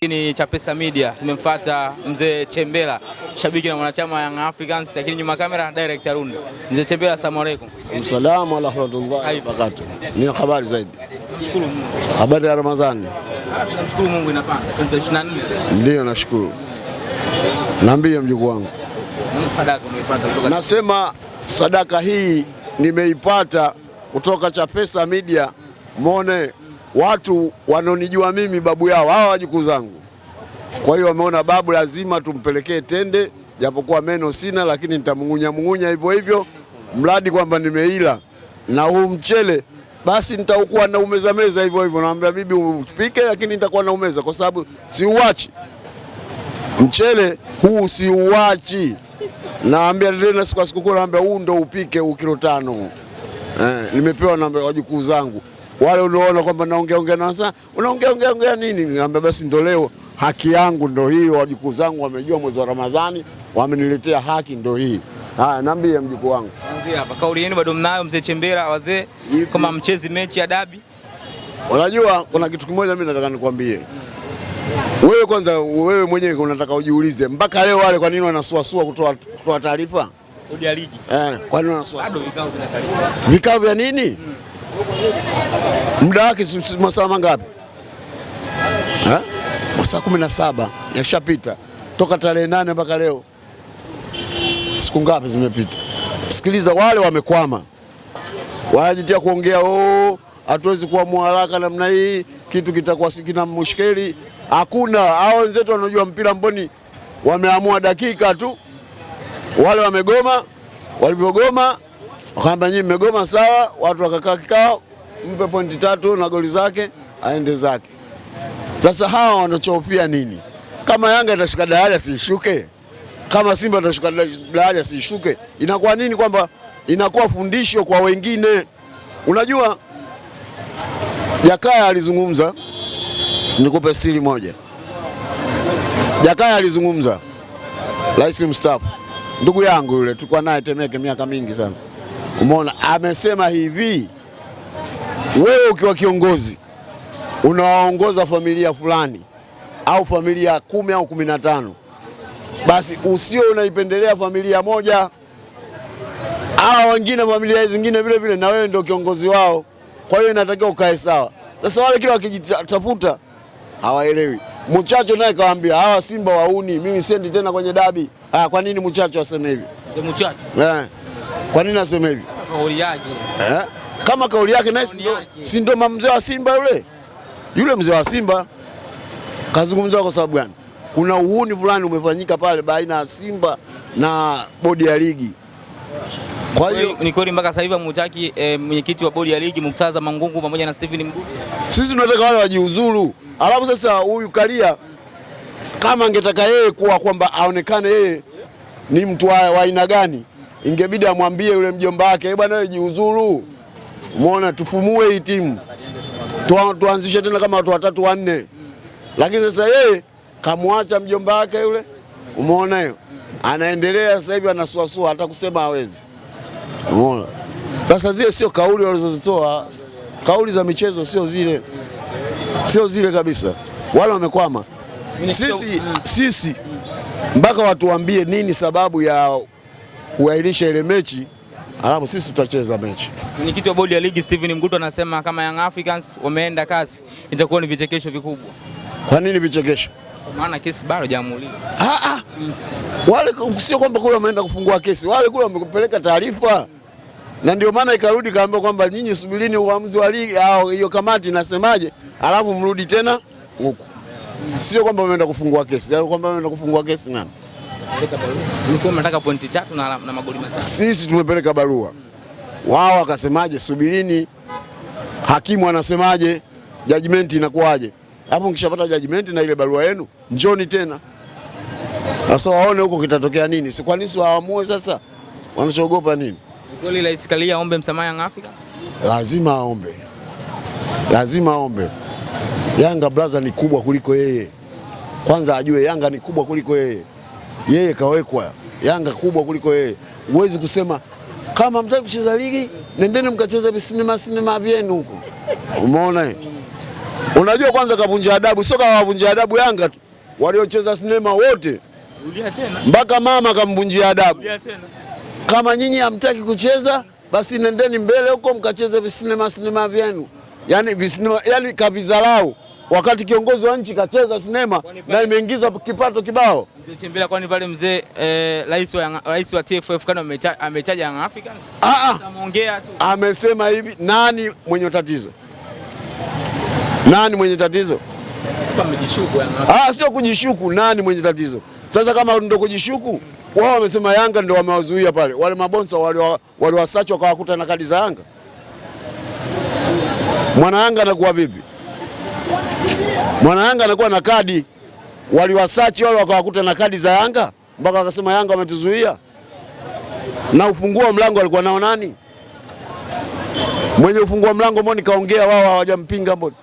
Hii ni Chapesa Media, tumemfuata mzee Chembela, shabiki na mwanachama Young Africans, lakini nyuma kamera direct Runda. Mzee Chembela, asalamu alaykum. Msalamu wa rahmatullahi wa barakatuh. Ni habari zaidi. Nashukuru Mungu. Habari ya Ramadhani. Nashukuru Mungu inapanda. 2024. Ndio nashukuru. Naambia mjukuu wangu. Sadaka umeipata kutoka. Nasema sadaka hii nimeipata kutoka Chapesa Media. Mone watu wanaonijua mimi babu yao hawa wajukuu zangu. Kwa hiyo wameona babu lazima tumpelekee tende, japokuwa meno sina, lakini nitamng'unya mng'unya hivyo hivyo, mradi kwamba nimeila na huu mchele basi nitakuwa na umeza meza hivyo hivyo, naambia bibi upike, lakini nitakuwa na umeza kwa sababu siuachi mchele huu, siuachi. Naambia tena siku kwa sikukuu, naambia huu ndo upike ukilo tano. Eh, nimepewa na wajukuu zangu wale unaona kwamba naongeaongea na sasa unaongea ongea nini? Niambia basi, ndo leo haki yangu ndo hiyo, wajukuu zangu wamejua mwezi wa Ramadhani wameniletea haki ndo hii. Haya, naambie mjukuu wangu, anzia hapa. Kauli yenu bado mnayo, mzee Chembera? Wazee kama mchezi mechi ya dabi, unajua kuna kitu kimoja mimi nataka nikwambie wewe kwanza, wewe mwenyewe unataka ujiulize mpaka leo wale kwa nini wanasuasua kutoa kutoa taarifa eh, kwa nini wanasuasua vikao vya nini? muda wake masaa mangapi? Masaa kumi na saba yashapita toka tarehe nane mpaka leo, siku ngapi zimepita? Sikiliza, wale wamekwama, wanajitia kuongea oh, hatuwezi kuamua haraka namna hii, kitu kitakuwa kina mushkeli. Hakuna, hao wenzetu wanajua mpira mboni, wameamua dakika tu. Wale wamegoma, walivyogoma Wakaamba nyinyi mmegoma sawa, watu wakakaa kikao, mpe pointi tatu na goli zake aende zake. Sasa hawa wanachofia nini? Kama Yanga itashuka daraja siishuke, kama Simba itashuka daraja siishuke, inakuwa nini? Kwamba inakuwa fundisho kwa wengine. Unajua, Jakaya alizungumza, nikupe siri moja. Jakaya alizungumza, rais mstaafu, ndugu yangu yule, tulikuwa naye Temeke miaka mingi sana Umeona, amesema hivi, wewe ukiwa kiongozi unawaongoza familia fulani au familia kumi au kumi na tano, basi usio unaipendelea familia moja au wengine familia zingine vile vile, na wewe ndio kiongozi wao, kwa hiyo inatakiwa ukae sawa. Sasa wale kila wakijitafuta hawaelewi. Mchacho naye kawaambia hawa Simba wauni, mimi siendi tena kwenye dabi. Ah, kwa nini mchacho aseme hivi? Mchacho. Eh. Kwa nini nasema hivi? Kauli yake. Eh? Kama kauli yake naye si ndo mzee wa Simba yule? Yule mzee wa Simba kazungumza kwa sababu gani? Kuna uhuni fulani umefanyika pale baina ya Simba na bodi ya ligi. Kwa hiyo ni kweli mpaka sasa hivi hamtaki e, eh, mwenyekiti wa bodi ya ligi Murtaza Mangungu pamoja na Stephen Mgude. Sisi tunataka wale wajiuzuru. Alafu sasa huyu kalia kama angetaka yeye kuwa kwamba aonekane yeye ni mtu wa aina gani? ingebidi amwambie yule mjomba wake, eh bwana wewe jiuzuru, umeona, tufumue hii timu tuanzishe tena kama watu watatu wanne. Lakini sasa yeye kamwacha mjomba wake yule, umeona hiyo, anaendelea sasa hivi anasuasua, hata kusema hawezi. Umeona sasa, zile sio kauli walizozitoa, kauli za michezo sio zile, sio zile kabisa, wala wamekwama. Sisi sisi mpaka watuambie nini sababu ya uairishe ile mechi, alafu sisi tutacheza mechi. Mwenyekiti wa bodi ya ligi Steven Mgutu anasema kama Young Africans wameenda kasi itakuwa ni vichekesho vikubwa. Kwa nini vichekesho? Maana kesi bado hajaamuliwa. Ah ah. Wale sio kwamba kule wameenda kufungua kesi, wale kule wamekupeleka taarifa na ndio maana ikarudi kaambia kwamba nyinyi subirini uamuzi wa ligi au hiyo kamati inasemaje, alafu mrudi tena huku. Sio kwamba wameenda kufungua kesi, yaani kwamba wameenda kufungua kesi nani? pointi tatu na, na magoli matatu. Sisi tumepeleka barua Wao wakasemaje, subirini hakimu anasemaje, judgment inakuwaje. Hapo mkishapata judgment na ile barua yenu njoni tena sasa waone huko kitatokea nini. Si kwa nini waamue sasa, wanachoogopa nini? Kweli la isikalia aombe msamaha Yanga Afrika, lazima aombe, lazima aombe. Yanga braza ni kubwa kuliko yeye, kwanza ajue Yanga ni kubwa kuliko yeye yeye kawekwa Yanga kubwa kuliko yeye. Huwezi kusema kama mtaki kucheza ligi, nendeni mkacheza visinema sinema vyenu huko. Umeona, eh? unajua kwanza kavunja adabu, sio wavunja adabu Yanga tu, waliocheza sinema wote mpaka mama kamvunjia adabu. Kama nyinyi hamtaki kucheza, basi nendeni mbele huko mkacheze visinema sinema vyenu. Yani visinema, yani kavizalau, wakati kiongozi wa nchi kacheza sinema na imeingiza kipato kibao. Chembela kwani pale mzee eh, rais wa rais wa TFF kana ametaja Young Africans? Ah, ah Ameongea tu. Amesema hivi, nani mwenye tatizo? Nani mwenye tatizo? Ah, sio kujishuku, nani mwenye tatizo? Sasa kama ndo kujishuku, wao wamesema Yanga ndio wamewazuia pale. Wale mabonsa waliwasacha wakawakuta na kadi za Yanga. Mwana Yanga anakuwa vipi? Mwana Yanga anakuwa na kadi waliwasachi wale wakawakuta na kadi za Yanga mpaka wakasema Yanga wametuzuia. Na ufunguo wa mlango alikuwa nao nani? Mwenye ufunguo wa mlango mbona nikaongea, wao hawajampinga mbona?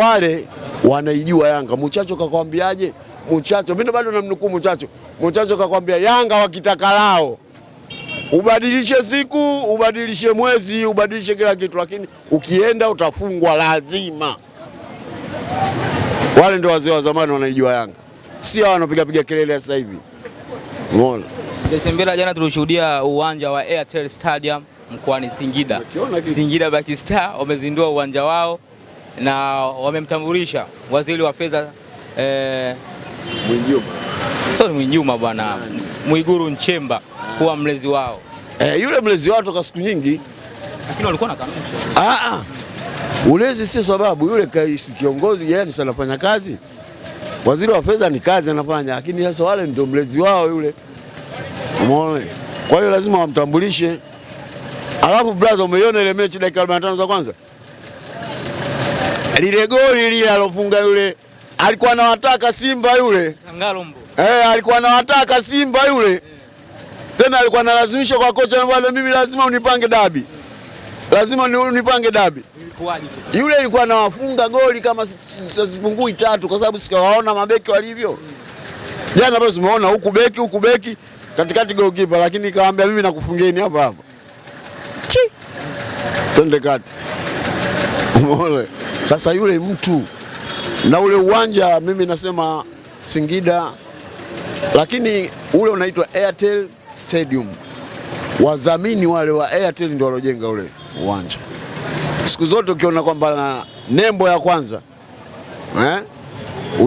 Wale wanaijua Yanga. Muchacho kakwambiaje? Muchacho mimi bado namnukuu Muchacho. Muchacho kakwambia Yanga wakitaka lao ubadilishe siku, ubadilishe mwezi, ubadilishe kila kitu, lakini ukienda utafungwa lazima. Wale ndio wazee wa zamani wanaijua Yanga, si hao piga kelele sasa hivi. Umeona Desembela jana tulishuhudia uwanja wa Airtel Stadium mkoani Singida. Singida Black Star wamezindua uwanja wao na wamemtambulisha waziri wa fedha eh, Mwinjuma. Sio Mwinjuma bwana, Mwiguru Nchemba kuwa mlezi wao. Eh, yule mlezi wao toka siku nyingi, lakini walikuwa na kanuni Ah ah. Ulezi sio sababu, yule kiongozi yeye ndio anafanya kazi, waziri wa fedha ni kazi anafanya, lakini sasa wale ndio mlezi wao yule, umeona? Kwa hiyo lazima wamtambulishe. Alafu brother, umeiona ile mechi dakika 45 za kwanza, lile goli lile alofunga yule, alikuwa anawataka Simba yule Ngalombo. eh, alikuwa anawataka Simba yule yeah. Tena alikuwa analazimisha kwa kocha, mimi lazima unipange dabi, lazima unipange dabi ilikuwaje? Yule ilikuwa nawafunga goli kama sipungui tatu, kwa sababu sikawaona mabeki walivyo jana. Basi umeona huku beki huku beki katikati goalkeeper, lakini kawaambia mimi nakufungeni hapa hapa, twende kati. Umeona sasa yule mtu na ule uwanja, mimi nasema Singida, lakini ule unaitwa Airtel Stadium, wadhamini wale wa Airtel ndio walojenga ule uwanja siku zote ukiona kwamba nembo ya kwanza eh,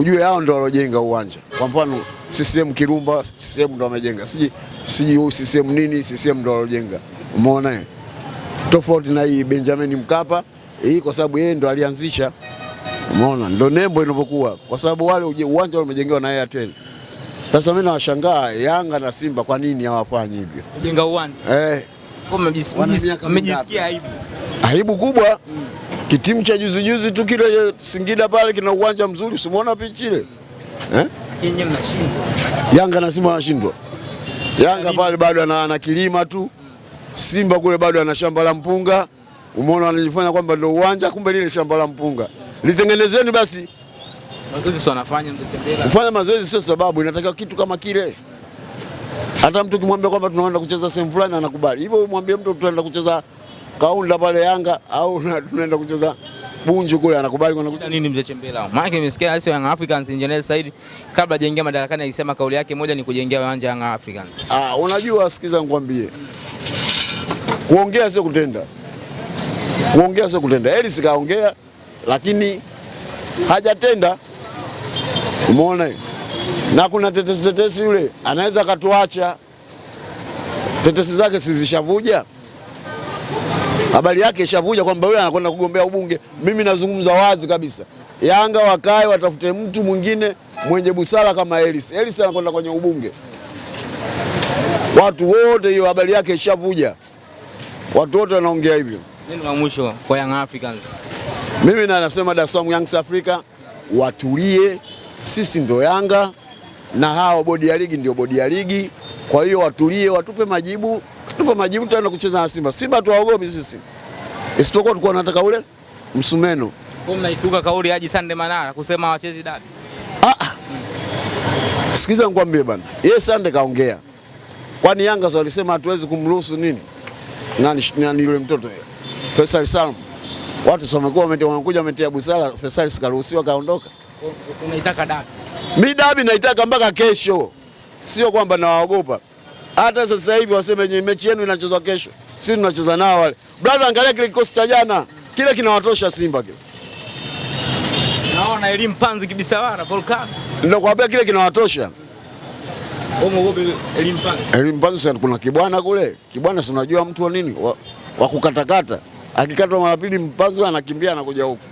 ujue hao ndo walojenga uwanja. Kwa mfano CCM Kirumba, CCM ndo wamejenga, siji siji CCM nini, CCM ndo walojenga. Umeona tofauti na hii Benjamin Mkapa hii, kwa sababu yeye ndo alianzisha. Umeona ndo nembo inapokuwa, kwa sababu wale uwanja umejengewa na yeye tena. Sasa mimi nawashangaa Yanga na Simba, kwa nini hawafanyi hivyo kujenga uwanja eh? Mmejisikia aibu aibu kubwa. Kitimu cha juzi juzi tu kile Singida pale kina uwanja mzuri, simuona pichi ile eh? Yanga na Simba wanashindwa. Yanga pale bado ana kilima tu, Simba kule bado ana shamba la mpunga. Umeona wanajifanya kwamba ndio uwanja, kumbe lile shamba la mpunga. Litengenezeni basi. Mazoezi sio wanafanya mtatembea. Kufanya mazoezi sio sababu, inatakiwa kitu kama kile. Hata mtu kimwambia kwamba tunaenda kucheza sehemu fulani anakubali. Hivyo umwambie mtu tunaenda kucheza kaunda pale Yanga au tunaenda kucheza Bunju kule anakubali kuna nini mzee Chembela? Maana nimesikia asi Young Africans engineer Said kabla hajaingia madarakani alisema kauli yake moja ni kujengea uwanja Young Africans. Ah, unajua sikiza nikwambie. Kuongea sio kutenda. Kuongea sio kutenda. Eli sikaongea lakini hajatenda. Umeona? Na kuna tetesi tetesi yule anaweza akatuacha. Tetesi zake sizishavuja habari yake ishavuja kwamba yule anakwenda kugombea ubunge. Mimi nazungumza wazi kabisa, Yanga wakae watafute mtu mwingine mwenye busara kama Elis. Elis anakwenda kwenye ubunge, watu wote, hiyo habari yake ishavuja, watu wote wanaongea hivyo. Neno la mwisho kwa Young Africans, mimi na nasema Dar es Salaam Young Africa watulie, sisi ndo Yanga na hawa bodi ya ligi ndio bodi ya ligi, kwa hiyo watulie, watupe majibu tupo majibu, tutaenda kucheza na Simba. Simba tuwaogopi sisi, isipokuwa tulikuwa tunataka ule msumeno. Kwa mnaikiuka kauli Haji Sande Manara kusema wachezi dabi. Ah, hmm. Sikiza nikwambie bana, yeye Sande kaongea, kwani Yanga sio alisema hatuwezi kumruhusu nini nani, nani yule mtoto Faisal Salum, watu wamekuwa wanakuja wametia busara. Faisal sikaruhusiwa kaondoka. Unaitaka dabi? Mi dabi naitaka mpaka kesho, sio kwamba nawaogopa. Hata sasa hivi waseme nyinyi mechi yenu inachezwa kesho, sisi tunacheza nao wale. Brother, angalia kile kikosi cha jana kile kinawatosha Simba kile. Naona elimu panzi kabisa volcano. Ndio kwambia kile kinawatosha. Elimu panzi. Elimu panzi kuna kibwana kule. Kibwana si unajua mtu wa nini? Wa, wa kukatakata. Akikatwa mara pili mpanzi anakimbia anakuja huko.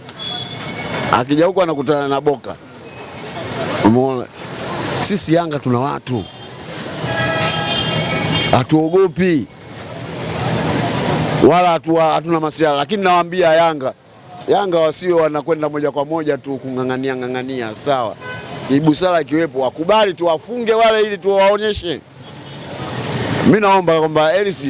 Akija huko anakutana na boka. Umeona? Sisi Yanga tuna watu hatuogopi wala hatuna masiara, lakini nawaambia Yanga, Yanga wasio wanakwenda moja kwa moja tu kung'ang'ania ng'ang'ania, sawa, ibusara ikiwepo wakubali tuwafunge wale ili tuwaonyeshe. Mi naomba kwamba Elis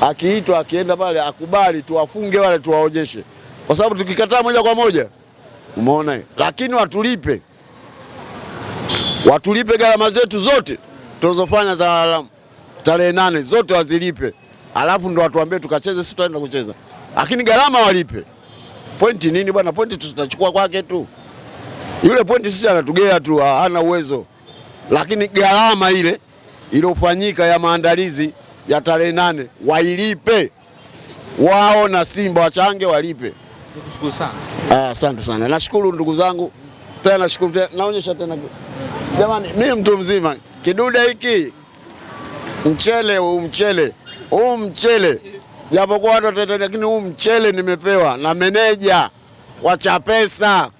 akiitwa akienda pale akubali tuwafunge wale tuwaonyeshe, kwa sababu tukikataa moja kwa moja umeona, lakini watulipe, watulipe gharama zetu zote tulizofanya za tarehe nane zote wazilipe, alafu ndo watuambie tukacheze, si tutaenda kucheza, lakini gharama walipe. Pointi nini bwana? Pointi tutachukua kwake tu, yule pointi sisi anatugea tu, hana uwezo. Lakini gharama ile iliyofanyika ya maandalizi ya tarehe nane wailipe wao, na Simba wachange walipe. Tukushukuru sana. Ah, asante sana, nashukuru ndugu zangu, tena nashukuru, naonyesha tena jamani, mimi mtu mzima, kidude hiki mchele huu mchele huu mchele, japokuwa watu watetani, lakini huu mchele nimepewa na meneja wa Chapesa.